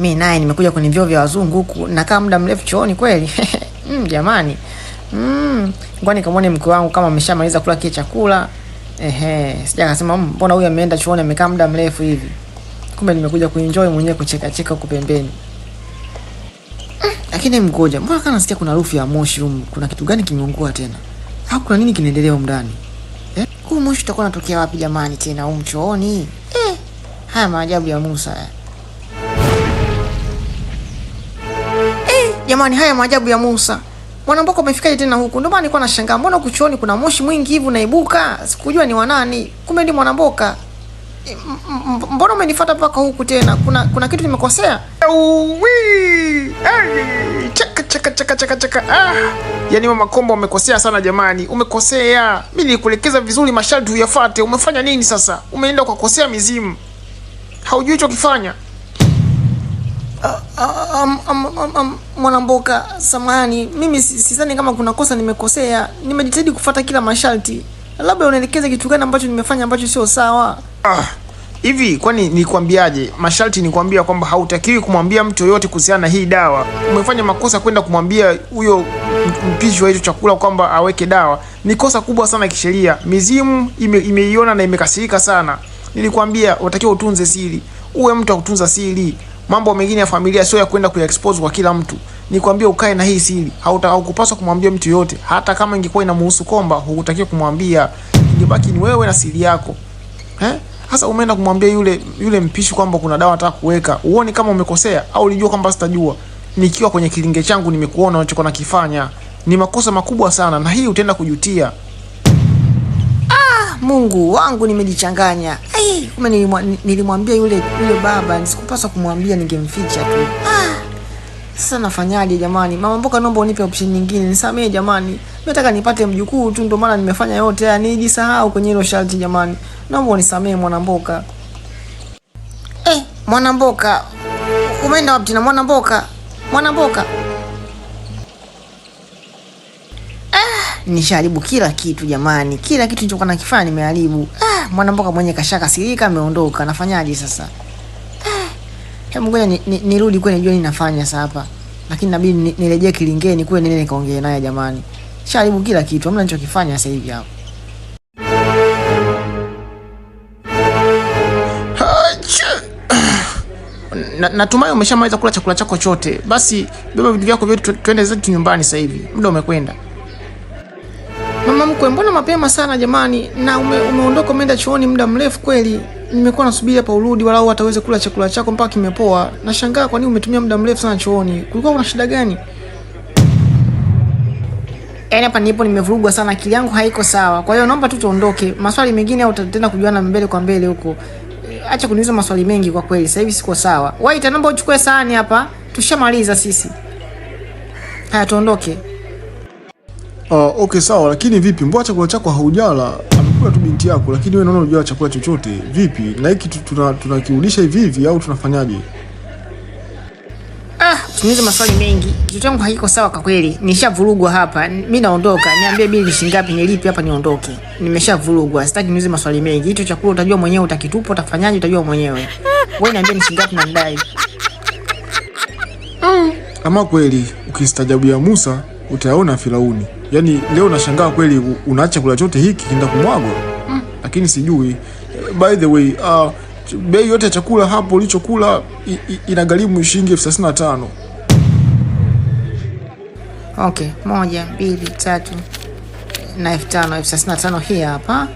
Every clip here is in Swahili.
mi naye nimekuja kwenye vyoo vya wazungu huku, nakaa muda mrefu chooni kweli. Mm, jamani mm, kwani kamwone mke wangu kama ameshamaliza kula kile chakula. Ehe, sija kasema mm, mbona huyu ameenda chuoni amekaa muda mrefu hivi, kumbe nimekuja kuenjoy mwenyewe kucheka cheka huko pembeni. Mm, lakini mgoja, mbona kana nasikia kuna harufu ya moshi huko? Kuna kitu gani kimeungua tena au kuna nini kinaendelea huko ndani eh? Huu moshi utakuwa unatokea wapi jamani tena huko chooni eh? Haya maajabu ya Musa. eh. Jamani, haya maajabu ya Musa. Mwanamboka umefikaje tena huku? Ndio maana nilikuwa nashangaa, mbona kuchoni kuna moshi mwingi hivi unaibuka? Sikujua ni wanani, kumbe ni Mwanamboka. Mbona umenifuata mpaka huku tena? Kuna kuna kitu nimekosea? Uwi! Chaka chaka chaka chaka chaka. Ah! Yaani Mama Komba umekosea sana jamani. Umekosea. Mimi nilikuelekeza vizuri masharti uyafate. Umefanya nini sasa? Umeenda kosea mizimu. Haujui hicho kifanya. Ah, ah, ah, Mwanamboka, samahani, mimi sidhani kama kuna kosa nimekosea. Nimejitahidi kufuata kila masharti, labda unaelekeza kitu gani ambacho nimefanya ambacho sio sawa. Ah, hivi kwani nikwambiaje? Masharti kuambia kwamba hautakiwi kumwambia mtu yoyote kuhusiana na hii dawa. Umefanya makosa kwenda kumwambia huyo mpishi wa hicho chakula kwamba aweke dawa, ni kosa kubwa sana kisheria. Mizimu ime, imeiona na imekasirika sana. Nilikwambia unatakiwa utunze siri, uwe mtu wa kutunza siri. Mambo mengine ya familia sio ya kwenda kuyaexpose kwa kila mtu. Nikwambie ukae na hii siri, haukupaswa kumwambia mtu yoyote, hata kama ingekuwa inamhusu Komba, hukutakiwa kumwambia. Ingebaki ni wewe na siri yako. Eh? Sasa umeenda kumwambia yule yule mpishi kwamba kuna dawa nataka kuweka. Uone kama umekosea au ulijua kwamba sitajua. Nikiwa kwenye kilinge changu nimekuona unachokuwa nakifanya. Ni makosa makubwa sana na hii utaenda kujutia. Mungu wangu nimejichanganya. Ai, kumbe nilimwambia yule yule baba, nisikupaswa kumwambia, ningemficha tu. Ah. sasa nafanyaje jamani? Mama mboka, naomba unipe option nyingine, nisamee jamani. Nataka nipate mjukuu tu, ndio maana nimefanya yote haya, nijisahau kwenye hilo sharti jamani. Naomba unisamee mwana mboka. Eh, mwana mboka, umeenda wapi tena mwana mboka? Mwana mboka nishaharibu kila kitu jamani, kila kitu nilichokuwa nakifanya nimeharibu. Ah, mwanamboka mwenye kashaka sirika ameondoka, nafanyaje sasa? Ah, hebu ngoja nirudi ni, ni kwa nijue ninafanya sasa hapa, lakini nabidi nirejee kilingeni kule nene nikaongee naye jamani, Sharibu kila kitu, hamna nilichokifanya sasa hivi hapa. Na, natumai umeshamaliza kula chakula chako chote. Basi beba vitu vyako vyote, tuende zetu nyumbani sasa hivi, muda umekwenda. Mama mkwe, mbona mapema sana jamani? Na ume, umeondoka umeenda chooni muda mrefu kweli. Nimekuwa nasubiri hapa urudi walau hata kula chakula chako mpaka kimepoa. Nashangaa kwa nini umetumia muda mrefu sana chooni. Kulikuwa kuna shida gani? Yaani hapa nipo nimevurugwa sana, akili yangu haiko sawa. Kwa hiyo naomba tu tuondoke. Maswali mengine au tutaenda kujuana mbele kwa mbele huko. Acha kuniuliza maswali mengi kwa kweli. Sasa hivi siko sawa. Wait, naomba uchukue sahani hapa. Tushamaliza sisi. Haya tuondoke. Uh, okay sawa, lakini vipi mbona chakula chako haujala? Amekula tu binti yako, lakini wewe unaona hujala chakula chochote. Vipi na hiki tunakirudisha hivi hivi au tunafanyaje? Ah, usiniulize maswali mengi. Kitu changu hakiko sawa kwa kweli. Nishavurugwa hapa. Mimi naondoka. Niambie bili ni shilingi ngapi nilipi hapa niondoke. Nimeshavurugwa. Sitaki niuze maswali mengi. Hicho chakula utajua mwenyewe utakitupa, utafanyaje utajua mwenyewe. Wewe niambie ni shilingi ngapi na ndai. Mm. Kama kweli ukistajabu ya Musa utaona Firauni. Yaani leo nashangaa kweli, unaacha kula chote hiki kinda kumwagwa mm. Lakini sijui by the way uh, bei yote ya chakula hapo ulichokula inagharimu shilingi elfu thelathini na tano. Okay, moja, mbili, tatu na elfu tano. Elfu thelathini na tano hii hapa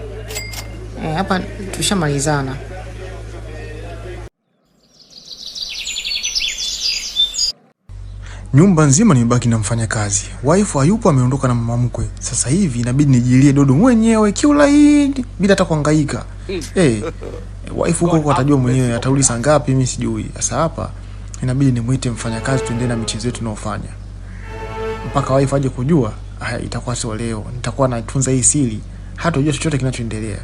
eh, hapa tushamalizana. Nyumba nzima nimebaki na mfanyakazi, waifu hayupo, ameondoka na mama mkwe. Sasa hivi inabidi nijilie dodo mwenyewe kiulaini bila hata kuhangaika. Hey, hmm. eh, waifu huko huko atajua mwenyewe, atarudi saa ngapi mimi sijui. Sasa hapa inabidi nimwite mfanyakazi, tuendelee na michezo yetu tunaofanya mpaka waifu aje kujua. Haya, itakuwa sio leo, nitakuwa natunza hii siri, hatojua chochote kinachoendelea.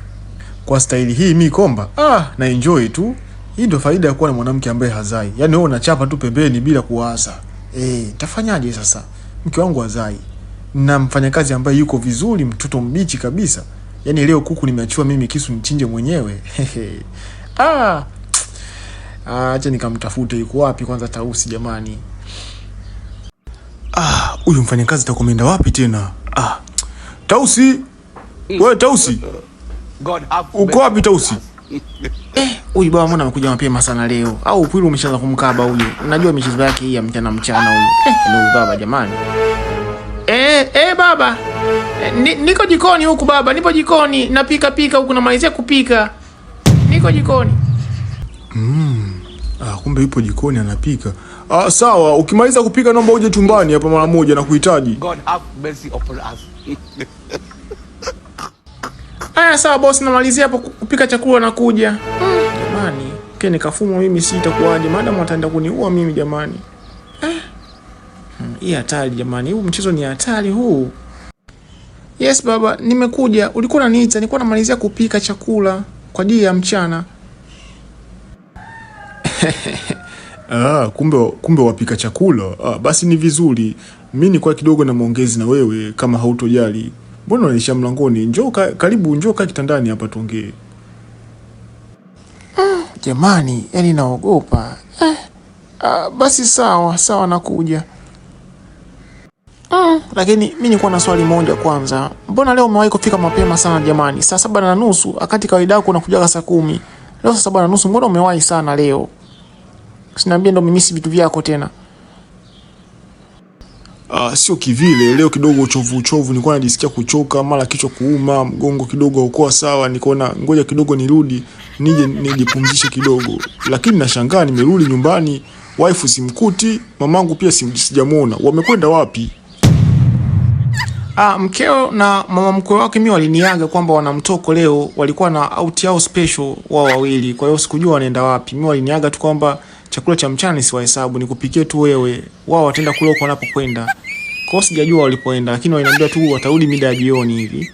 Kwa staili hii mi Komba, ah, na enjoy tu. Hii ndio faida ya kuwa na mwanamke ambaye hazai, yaani wewe unachapa tu pembeni bila kuwaza eh, tafanyaje sasa? Mke wangu wazai na mfanyakazi ambaye yuko vizuri, mtoto mbichi kabisa. Yaani leo kuku nimeachiwa mimi kisu nichinje mwenyewe. Ah, ah, acha nikamtafute yuko wapi kwanza Tausi jamani. Ah, huyu mfanyakazi takomenda wapi tena? Ah, Tausi, wewe Tausi, uko wapi Tausi? Eh, Huyu baba mbona amekuja mapema sana leo? Au upwilu umeshaanza kumkaba huyu? Unajua michezo yake hii ya mchana mchana huyu. Eh, baba jamani. Eh, eh baba. Eh, niko jikoni huku baba, nipo jikoni napika pika huku namalizia kupika. Niko jikoni. Mm. Ah, kumbe yupo jikoni anapika. Ah, sawa, ukimaliza kupika naomba uje chumbani hapa mara moja na kuhitaji. God have mercy upon us. Aya, sawa bosi, namalizia hapo kupika chakula na kuja. Jamani, mm. Ke nikafumwa mimi si itakuwaje? Madam ataenda kuniua mimi jamani. Eh. Hmm, hii hatari jamani. Huu mchezo ni hatari huu. Yes baba, nimekuja. Ulikuwa unaniita, nilikuwa namalizia kupika chakula kwa ajili ya mchana. Ah, kumbe kumbe wapika chakula. Ah, basi ni vizuri. Mimi ni kwa kidogo na maongezi na wewe kama hautojali. Mbona unaisha mlangoni? Njoo ka, karibu, njoo kaa kitandani hapa tuongee. Mm, jamani, yani naogopa eh. Ah, basi sawa sawa, nakuja. Mm, lakini mi nikuwa na swali moja kwanza, mbona leo umewahi kufika mapema sana jamani? Saa saba na nusu, akati kawaida yako unakujaga saa kumi. Leo saa saba na nusu, mbona umewahi sana leo? Sinaambia ndo mimisi vitu vyako tena uh, sio kivile. Leo kidogo uchovu uchovu, nilikuwa najisikia kuchoka, mara kichwa kuuma, mgongo kidogo haukuwa sawa. Nikaona ngoja kidogo nirudi nije nijipumzishe kidogo, lakini nashangaa nimerudi nyumbani, wife simkuti, mamangu pia sijamuona. Wamekwenda wapi? Ah, mkeo na mama mkwe wake mimi waliniaga kwamba mtoko leo, walikuwa na out yao special wao wawili, kwa hiyo sikujua wanaenda wapi. Mimi waliniaga tu kwamba chakula cha mchana siwahesabu, nikupikie tu wewe. Wao wataenda kule huko wanapokwenda. Kwa hiyo sijajua walipoenda, lakini waliniambia tu watarudi mida ya jioni hivi.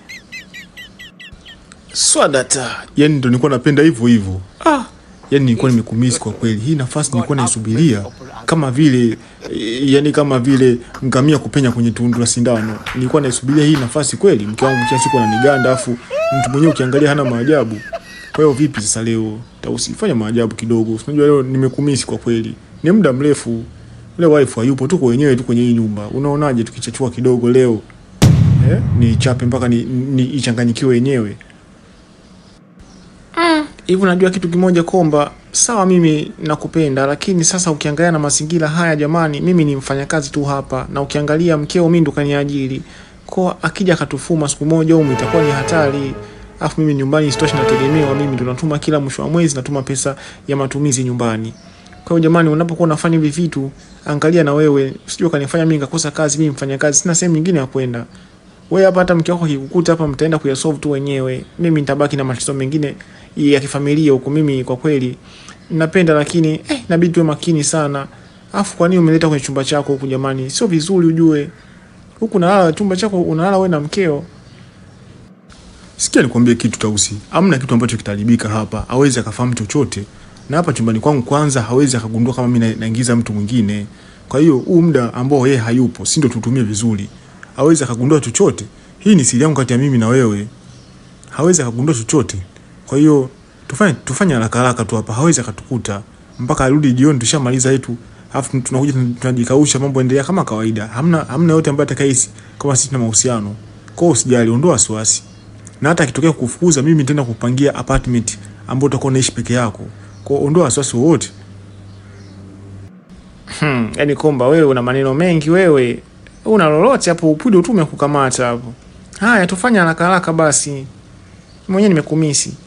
Swadata, yani ndo nilikuwa napenda hivyo hivyo. Ah, yani nilikuwa nimekumiss kwa kweli. Hii nafasi nilikuwa naisubiria kama vile yani, kama vile ngamia kupenya kwenye tundu la sindano. Nilikuwa naisubiria hii nafasi kweli, mke wangu kila siku ananiganda, afu mtu mwenyewe ukiangalia hana maajabu. Kwa hiyo vipi sasa leo? Tausi fanya maajabu kidogo. Unajua leo nimekumisi kwa kweli. Ni muda mrefu. Leo wife hayupo, tuko wenyewe tu kwenye hii nyumba. Unaonaje tukichachua kidogo leo? Eh? Ni chape mpaka ni, ni ichanganyikiwe wenyewe. Mm. Hivi unajua kitu kimoja komba? sawa mimi nakupenda lakini sasa ukiangalia na mazingira haya jamani, mimi ni mfanyakazi tu hapa na ukiangalia mkeo mimi ndo kaniajiri. Kwa akija akatufuma siku moja huko itakuwa ni hatari afu mimi nyumbani sitoshi, nategemewa mimi ndo natuma kila mwisho wa mwezi, natuma pesa ya matumizi nyumbani. Kwa hiyo jamani, unapokuwa unafanya hivi vitu, angalia na wewe, usijue kanifanya mimi ngakosa kazi, mimi mfanya kazi, sina sehemu nyingine ya kwenda. Wewe hapa hata mke wako akikukuta hapa, mtaenda kuyasolve tu wenyewe. Mimi nitabaki na matatizo mengine ya kifamilia huko. Mimi kwa kweli napenda, lakini eh, inabidi tuwe makini sana. Afu kwa nini umeleta kwenye chumba chako huku jamani? Sio vizuri, ujue huku unalala chumba chako, unalala wewe na mkeo. Sikia nikwambie kitu Tausi, amna kitu ambacho kitaribika hapa, hawezi akafahamu chochote. Na hapa chumbani kwangu kwanza hawezi akagundua kama mimi naingiza mtu mwingine. Kwa hiyo huu muda ambao yeye hayupo, si ndio tutumie vizuri. Hawezi akagundua chochote. Hii ni siri yangu kati ya mimi na wewe. Hawezi akagundua chochote. Kwa hiyo tufanye tufanye haraka haraka tu hapa, hawezi akatukuta mpaka arudi jioni tushamaliza yetu. Alafu tunakuja tunajikausha, mambo endelea kama kawaida. Hamna hamna yote ambaye atakayehisi kama sisi tuna mahusiano. Kwa hiyo usijali, ondoa wasiwasi na hata akitokea kukufukuza, mimi nitaenda kupangia apartment ambayo utakuwa unaishi peke yako, kwa ondoa wasiwasi wote. Hmm, yani Komba wewe una maneno mengi wewe, una lolote hapo, upudo tu umekukamata hapo. Haya, tufanye haraka haraka basi, mwenyewe nimekumisi.